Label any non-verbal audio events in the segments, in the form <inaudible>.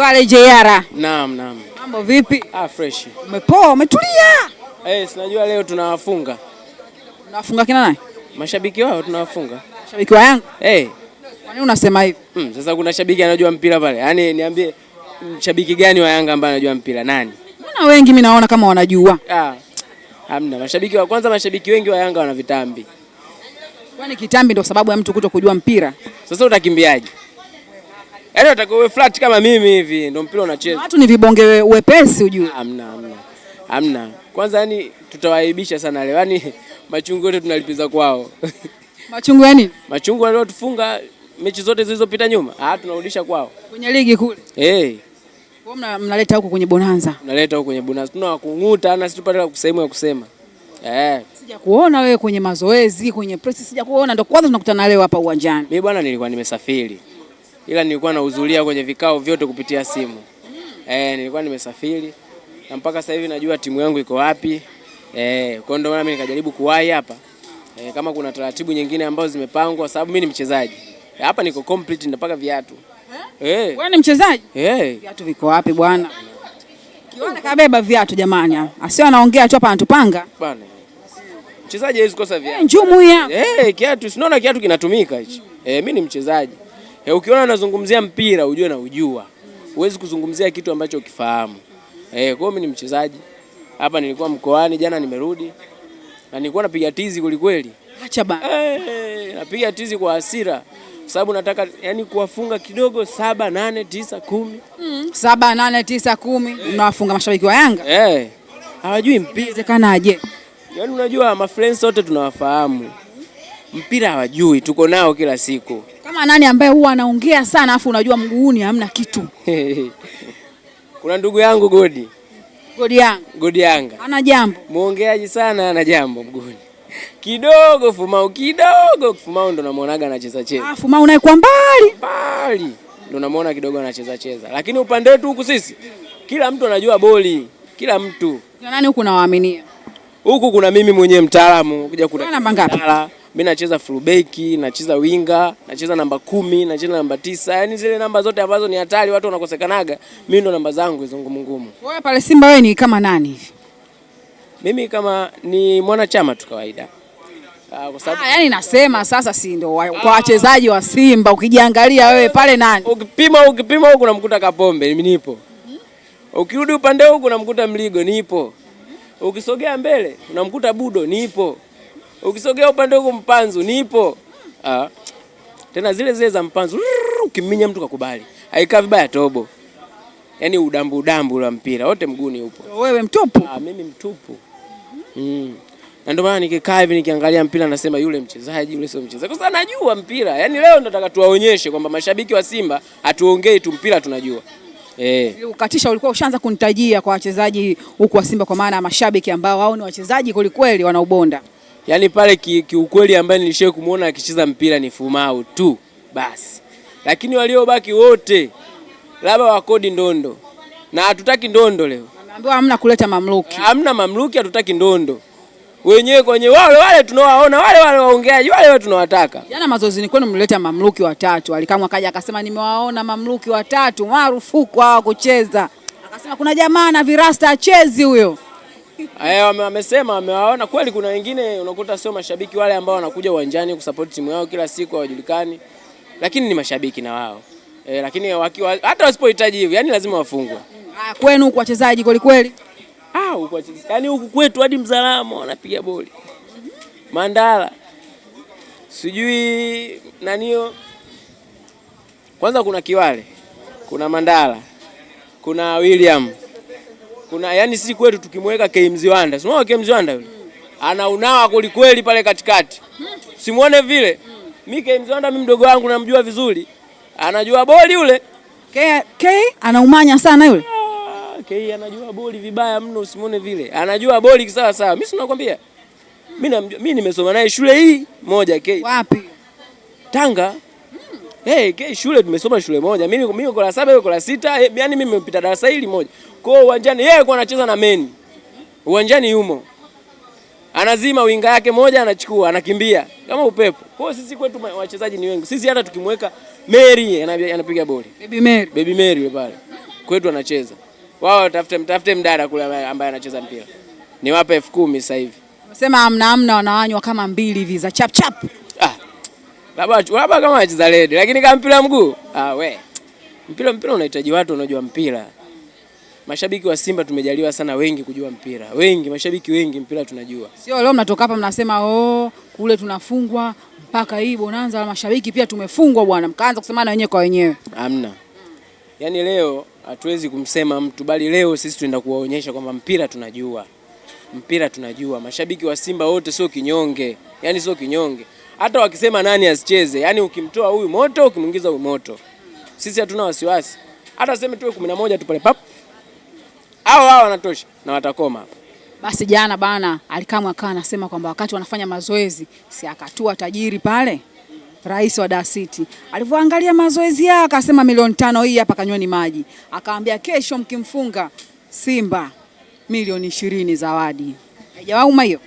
pale Jeyara. Naam, naam. Mambo vipi? Ah, fresh. Umepoa, umetulia? Eh, sinajua leo tunawafunga. Tunawafunga kina nani? Mashabiki wao tunawafunga. Mashabiki wa Yanga? Eh. Kwa nini unasema hivi? Mm, sasa kuna shabiki anajua mpira pale. Yaani niambie shabiki gani wa Yanga ambaye anajua mpira nani? Mbona wengi mimi naona kama wanajua? Ah. Hamna. Mashabiki wa kwanza, mashabiki wengi wa Yanga wana vitambi. Kwani kitambi ndio sababu ya mtu kuto kujua mpira? Sasa utakimbiaje? Yaani unatakiwa uwe flat kama mimi hivi ndio mpira unacheza. Watu ni vibonge wepesi ujue. Ah, hamna, hamna. Hamna. Kwanza yani tutawaibisha sana leo. Yaani machungu yote tunalipiza kwao. <laughs> Machungu yani? Machungu leo tufunga mechi zote zilizopita nyuma. Ah, tunarudisha kwao. Kwenye ligi kule. Eh. Hey. Mna, mnaleta huko kwenye bonanza. Mnaleta huko kwenye bonanza. Tuna kunguta na situpate la kusema ya kusema. Eh. Sija kuona wewe kwenye mazoezi, kwenye press sija kuona ndio kwanza tunakutana leo hapa uwanjani. Mimi bwana nilikuwa nimesafiri ila nilikuwa nahudhuria kwenye vikao vyote kupitia simu. E, nilikuwa nimesafiri na mpaka sasa hivi najua timu yangu iko wapi. E, kwa ndio maana mimi nikajaribu kuwahi hapa e, kama kuna taratibu nyingine ambazo zimepangwa, sababu mimi ni mchezaji e, hapa, niko complete ndapaka viatu eh. Wewe ni mchezaji eh? Viatu viko wapi bwana? Kiona kabeba viatu jamani, asiwe anaongea tu hapa anatupanga bwana. Mchezaji hawezi kukosa viatu. Njumu ya. Eh, kiatu, sinaona kiatu kinatumika hichi. Eh, mimi ni mchezaji. E, ukiona unazungumzia mpira ujue na ujua, huwezi kuzungumzia kitu ambacho ukifahamu. Eh, kwa mimi ni mchezaji hapa, nilikuwa mkoani jana, nimerudi na nilikuwa napiga tizi kwelikweli. Acha ba. Eh, napiga tizi kwa hasira sababu nataka yani kuwafunga kidogo saba nane tisa kumi mm. saba nane tisa kumi e. Unawafunga mashabiki wa Yanga Eh. Hawajui mpira inawezekanaje? Yaani unajua mafriends wote tunawafahamu, mpira hawajui, tuko nao kila siku kama nani ambaye huwa anaongea sana afu unajua mguuni hamna kitu? <laughs> Kuna ndugu yangu Godi Godi yangu. Godi Yanga ana jambo, muongeaji sana, ana jambo mguuni kidogo. Fumau kidogo, Fumau ndo namuonaga anacheza cheza. Ah, Fumau naye kwa mbali mbali ndo namuona kidogo anacheza cheza, lakini upande wetu huku sisi kila mtu anajua boli, kila mtu. Kuna Nani huku nawaaminia? Huku kuna mimi mwenyewe mtaalamu kuja kuna mimi nacheza fullback, nacheza winga, nacheza namba kumi, nacheza namba tisa, yaani zile namba zote ambazo ni hatari watu wanakosekanaga, mimi ndo namba zangu hizo ngumu ngumu. Wewe pale Simba wewe ni kama nani hivi? Mimi kama ni mwanachama tu kawaida. Uh, sababu... Ah, yaani nasema sasa si ndo wa, kwa wachezaji wa Simba ukijiangalia wewe pale nani? Ukipima ukipima huko unamkuta Kapombe, mimi nipo. Ukirudi upande huko unamkuta Mligo nipo. Ukisogea mbele unamkuta Budo nipo ukisogea upande huko mpanzu nipo. Ah. Tena zile zile za mpanzu ukiminya mtu kakubali. Haikaa vibaya tobo. Yaani udambu udambu la mpira wote mguuni upo. Wewe mtupu? Ah, mimi mtupu. Mm. Na ndio maana nikikaa hivi nikiangalia mpira nasema yule mchezaji yule sio mchezaji. Kwa sababu najua mpira. Yaani leo ndo nataka tuwaonyeshe kwamba mashabiki wa Simba hatuongei tu mpira tunajua. Eh. Ukatisha ulikuwa ushaanza kunitajia kwa wachezaji huku wa Simba kwa maana ya mashabiki ambao wao ni wachezaji kulikweli kweli ubonda yaani pale kiukweli ki ambaye nilishawahi kumuona akicheza mpira ni Fumau tu basi, lakini waliobaki wote labda wakodi ndondo, na hatutaki ndondo leo. Naambiwa hamna kuleta mamluki, hamna mamluki, hatutaki ndondo wenyewe kwenye wale wale tunawaona wale wale waongeaji wale wale tunawataka. Jana mazoezini kwenu mlileta mamluki watatu, alikamwa kaja akasema nimewaona mamluki watatu, marufuku hawa kucheza. Akasema kuna jamaa na virasta achezi huyo. <laughs> Eh, wamesema wamewaona kweli, kuna wengine unakuta sio mashabiki wale ambao wanakuja uwanjani kusupport timu yao kila siku, hawajulikani, lakini ni mashabiki na wao e, lakini wakiwa hata wasipohitaji hivyo, yani lazima wafungwe. Kwenu kwa wachezaji kweli kweli, ah, huku yani huku kwetu hadi Mzalamo wanapiga boli, Mandala sijui nanio. Kwanza kuna Kiwale, kuna Mandala, kuna William kuna yani, si kwetu tukimweka Wanda, simuona KMZ Wanda yule anaunawa kwelikweli pale katikati, simuone vile mimi KMziwanda, mimi mdogo wangu namjua vizuri, anajua boli yule K, K anaumanya sana yule ah, K, anajua boli vibaya mno, usimuone vile anajua boli kisawa sawa. Mimi sinakwambia mimi nimesoma naye shule hii moja K. Wapi? Tanga. Hey, ke, shule tumesoma shule moja. Mimi mimi niko la saba, niko la sita. yaani mimi nimepita darasa hili moja. Kwa hiyo uwanjani yeye alikuwa anacheza na men. Uwanjani yumo. Anazima winga yake moja anachukua, anakimbia kama upepo. Kwa hiyo sisi kwetu wachezaji ni wengi. Sisi hata tukimweka Mary anapiga boli. Baby Mary. Baby Mary yule pale. Kwetu anacheza. Wao tafute mtafute mdada kule ambaye anacheza mpira. Niwape elfu kumi sasa hivi. Unasema amna amna wanawanywa kama mbili hivi za chap chap labda kama anacheza redi, lakini kama mpira mguu ah, we mpira mpira unahitaji watu wanaojua mpira. Mashabiki wa Simba tumejaliwa sana wengi kujua mpira, wengi mashabiki wengi mpira tunajua, sio leo mnatoka hapa mnasema oh, kule tunafungwa mpaka hii bonanza la mashabiki pia tumefungwa bwana, mkaanza kusema na wenyewe kwa wenyewe. Hamna, yaani leo hatuwezi kumsema mtu, bali leo sisi tunaenda kuwaonyesha kwamba mpira tunajua, mpira tunajua. Mashabiki wa Simba wote sio kinyonge, yaani sio kinyonge hata wakisema nani asicheze, yani ukimtoa huyu moto ukimwingiza huyu moto, sisi hatuna wasiwasi. Hata sema tuwe kumi na moja tu pale pap, hao hao wanatosha na watakoma. Basi jana bana Alikamwe akawa anasema kwamba wakati wanafanya mazoezi, si akatua tajiri pale rais wa Dar City alivyoangalia mazoezi yao akasema, milioni tano hii hapa kanyweni maji. Akaambia kesho mkimfunga Simba milioni ishirini zawadi. Haijawauma hiyo.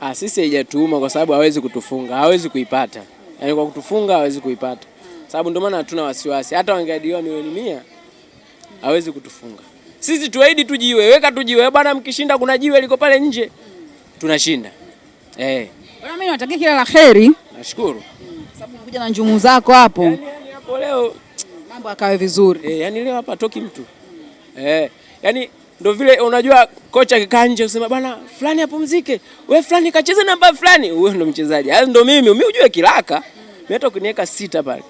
Ah, sisi haijatuuma kwa sababu hawezi kutufunga, hawezi kuipata. Yaani kwa kutufunga hawezi kuipata. Sababu ndio maana hatuna wasiwasi. Hata wangeadiwa milioni mia hawezi kutufunga. Sisi tuahidi tujiwe, weka tujiwe bwana, mkishinda kuna jiwe liko pale nje. Tunashinda. Eh. Bwana mimi natakia kila laheri. Nashukuru. Sababu unakuja na njumu zako hapo. Yaani, yaani hapo leo mambo akawe vizuri. Eh, yani leo hapa toki mtu. Eh. Yani ndo vile unajua kocha akikaa nje usema bwana fulani apumzike. Wewe fulani kacheze namba fulani. Wewe ndo mchezaji. Hayo yaani ndo mimi. Mimi ujue kiraka. Mimi hata ukiniweka sita pale.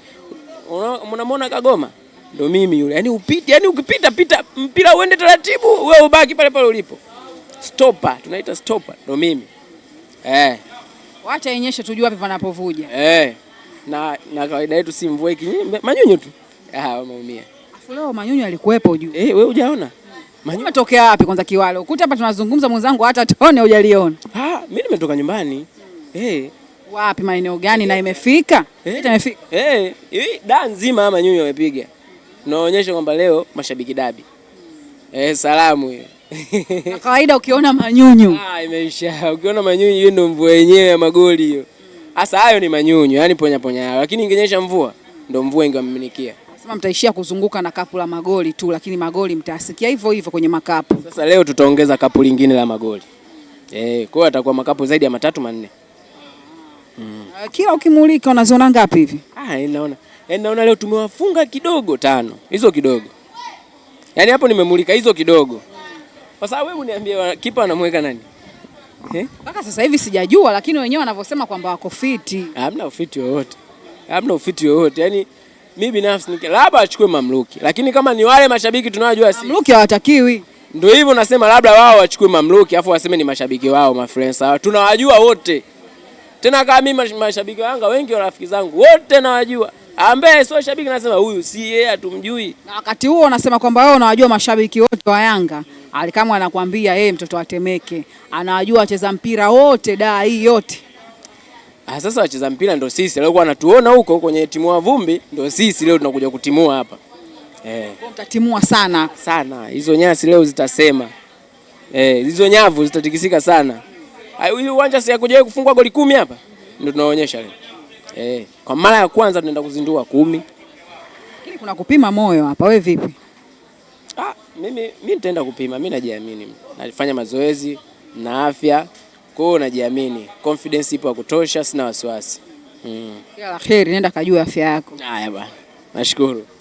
Unamwona Kagoma? ndo mimi yule. Yani upite, yani ukipita pita mpira uende taratibu, wewe ubaki pale pale ulipo. Stopper, tunaita stopper. ndo mimi. Eh. Wacha yenyeshe tujue wapi panapovuja. Eh. Na na kawaida yetu si mvua ikinyesha manyunyu tu. Ah, umeumia. Afu leo manyunyu alikuwepo juu. Eh, wewe hujaona? Umetokea wapi kwanza Kiwalo? Ukuta hapa tunazungumza mwenzangu hata tone hujaliona. Ah, mimi nimetoka nyumbani. Eh. Hey. Wapi maeneo gani hey? Na imefika? Hey. Eh. Imefika. Eh, hey. hii Da nzima ama nyunyu imepiga. Naonyesha kwamba leo mashabiki dabi. Eh, salamu hiyo. Na <laughs> kawaida ukiona manyunyu. Ah, imeisha. Ukiona manyunyu hiyo ndio mvua yenyewe ya magoli hiyo. Sasa hayo ni manyunyu, yani ponya ponya Lakini ingenyesha mvua ndio mvua ingemiminikia. Sema mtaishia kuzunguka na kapu la magoli tu, lakini magoli mtasikia hivyo hivyo kwenye makapu. Sasa leo tutaongeza kapu lingine la magoli eh, kwa hiyo atakuwa makapu zaidi ya matatu manne. Mm. Kila ukimulika unaziona ngapi hivi? Ah, naona yaani naona leo tumewafunga kidogo tano hizo kidogo, yaani hapo nimemulika hizo kidogo. Kwa sababu wewe uniambie kipa anamweka nani eh? mpaka Sasa hivi sijajua, lakini wenyewe wanavyosema kwamba wako fiti, hamna ufiti wowote, hamna ufiti wowote yaani mimi binafsi nike labda achukue mamluki, lakini kama ni wale mashabiki tunayojua sisi, mamluki hawatakiwi. Ndio hivyo nasema, labda wao wachukue mamluki afu waseme ni mashabiki wao mafriends hao, tunawajua wote. Tena kama mimi mashabiki wa Yanga wengi wa rafiki zangu wote nawajua, ambaye sio shabiki nasema huyu si yeye, atumjui. Na wakati huo unasema kwamba wewe unawajua mashabiki wote wa Yanga, alikamwe anakuambia yeye mtoto wa Temeke anawajua wacheza mpira wote, daa hii yote Ah, sasa wacheza mpira ndio sisi leo wanatuona huko kwenye timu ya vumbi, ndio sisi leo tunakuja kutimua hapa eh. Mtatimua sana sana, hizo nyasi leo zitasema eh, hizo nyavu zitatikisika sana. Huyu uwanja si hakujawahi kufungwa goli kumi hapa, ndio tunaonyesha leo eh, kwa mara ya kwanza tunaenda kuzindua kumi. Lakini kuna kupima moyo hapa, wewe vipi? Ah, mimi mimi nitaenda kupima, mimi najiamini, nafanya mazoezi na afya kwa hiyo najiamini, confidence ipo ya kutosha, sina wasiwasi. Kila mm. la heri, nenda kajua afya yako. Haya bwana, nashukuru.